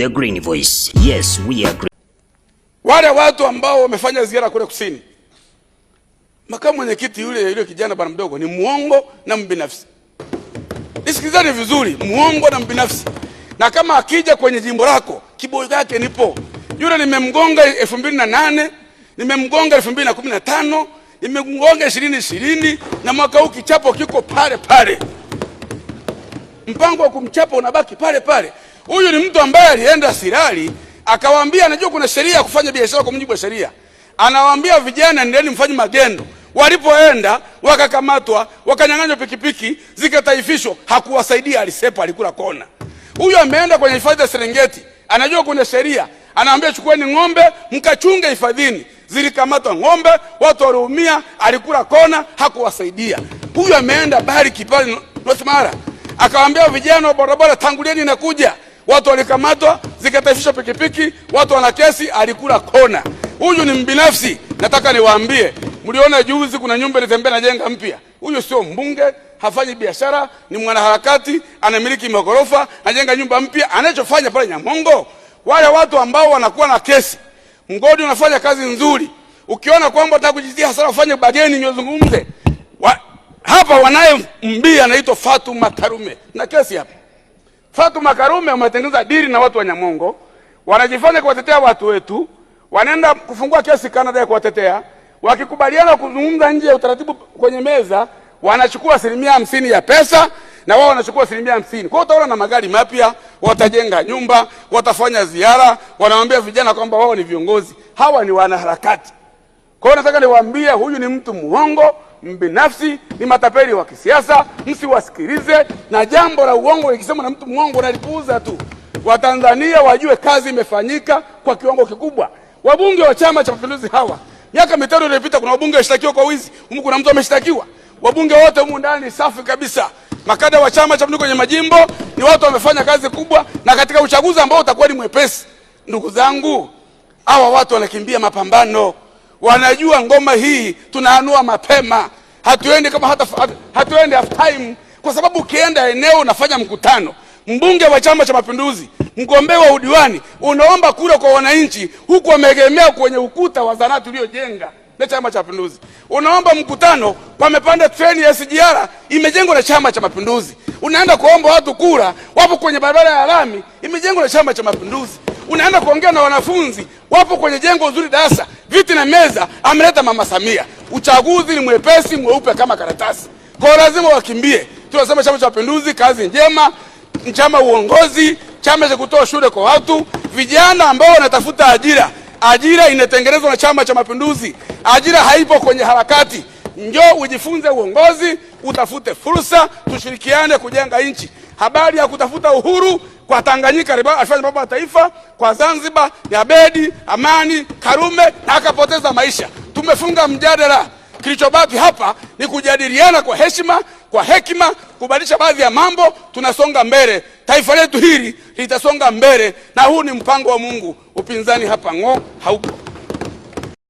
The Green Voice. Yes, we agree. Wale watu ambao wamefanya ziara kule kusini, makamu mwenyekiti yule yule kijana bwana mdogo ni muongo na mbinafsi. Nisikilizane vizuri, muongo na mbinafsi, na kama akija kwenye jimbo lako kiboi yake nipo. Yule nimemgonga 2008 nimemgonga 2015 mbili na nimemgonga ishirini na mwaka huu kichapo kiko pale pale, mpango wa kumchapa unabaki pale pale. Huyu ni mtu ambaye alienda Sirari akawaambia anajua kuna sheria ya kufanya biashara kwa mujibu wa sheria, anawaambia vijana, endeni mfanye magendo. Walipoenda wakakamatwa, wakanyang'anywa pikipiki, zikataifishwa. Hakuwasaidia, alisepa, alikula kona. Huyu ameenda kwenye hifadhi ya Serengeti, anajua kuna sheria, anaambia chukueni ng'ombe mkachunge hifadhini. Zilikamatwa ng'ombe, watu waliumia, alikula kona, hakuwasaidia. Huyu ameenda Bariki pale North Mara, akawaambia vijana wa barabara, tangulieni, nakuja watu walikamatwa, zikatafisha pikipiki, watu wana kesi, alikula kona. Huyu ni mbinafsi. Nataka niwaambie, mliona juzi kuna nyumba ilitembea najenga mpya. Huyu sio mbunge, hafanyi biashara, ni mwanaharakati, anamiliki magorofa, anajenga nyumba mpya. Anachofanya pale Nyamongo, wale watu ambao wanakuwa na kesi, mgodi unafanya kazi nzuri. Ukiona kwamba unataka kujitia hasara, ufanye bageni, nyozungumze wa, hapa wanaye mbia anaitwa Fatuma Karume na kesi hapa Fatuma Karume umetengeneza diri na watu wa Nyamongo, wanajifanya kuwatetea watu wetu, wanaenda kufungua kesi Canada ya kuwatetea. Wakikubaliana kuzungumza nje ya utaratibu kwenye meza, wanachukua asilimia hamsini ya pesa na wao wanachukua asilimia hamsini. Kwa hiyo utaona na magari mapya, watajenga nyumba, watafanya ziara, wanawaambia vijana kwamba wao ni viongozi. Hawa ni wanaharakati. Kwa hiyo nataka niwaambie, huyu ni mtu muongo mbinafsi, ni matapeli wa kisiasa, msiwasikilize. Na jambo la uongo likisema na mtu mwongo nalipuuza tu. Watanzania wajue kazi imefanyika kwa kiwango kikubwa. Wabunge wa Chama cha Mapinduzi hawa miaka mitano iliyopita, kuna wabunge washtakiwa kwa wizi humu, kuna mtu ameshtakiwa. Wabunge wote humu ndani safi kabisa, makada wa Chama cha Mapinduzi kwenye majimbo ni watu wamefanya kazi kubwa, na katika uchaguzi ambao utakuwa ni mwepesi, ndugu zangu, hawa watu wanakimbia mapambano wanajua ngoma hii tunaanua mapema, hatuendi kama hata, hatuendi half time, kwa sababu ukienda eneo unafanya mkutano, mbunge wa Chama cha Mapinduzi, mgombea wa udiwani, unaomba kura kwa wananchi, huku wameegemea kwenye ukuta wa zanati uliojenga na Chama cha Mapinduzi. Unaomba mkutano, wamepanda treni ya SGR imejengwa na Chama cha Mapinduzi. Unaenda kuomba watu kura, wapo kwenye barabara ya lami imejengwa na Chama cha Mapinduzi. Unaenda kuongea na wanafunzi, wapo kwenye jengo nzuri, darasa viti na meza, ameleta mama Samia. Uchaguzi ni mwepesi mweupe kama karatasi, kwa lazima wakimbie. Tunasema chama cha mapinduzi, kazi njema, chama uongozi, chama cha kutoa shule kwa watu, vijana ambao wanatafuta ajira. Ajira inatengenezwa na chama cha mapinduzi, ajira haipo kwenye harakati. Njoo ujifunze uongozi, utafute fursa, tushirikiane kujenga nchi. Habari ya kutafuta uhuru kwa Tanganyika alifanya mambo ya taifa, kwa Zanzibar ni Abedi Amani Karume na akapoteza maisha. Tumefunga mjadala, kilichobaki hapa ni kujadiliana kwa heshima, kwa hekima, kubadilisha baadhi ya mambo. Tunasonga mbele, taifa letu hili litasonga mbele, na huu ni mpango wa Mungu. Upinzani hapa ng'o haupo.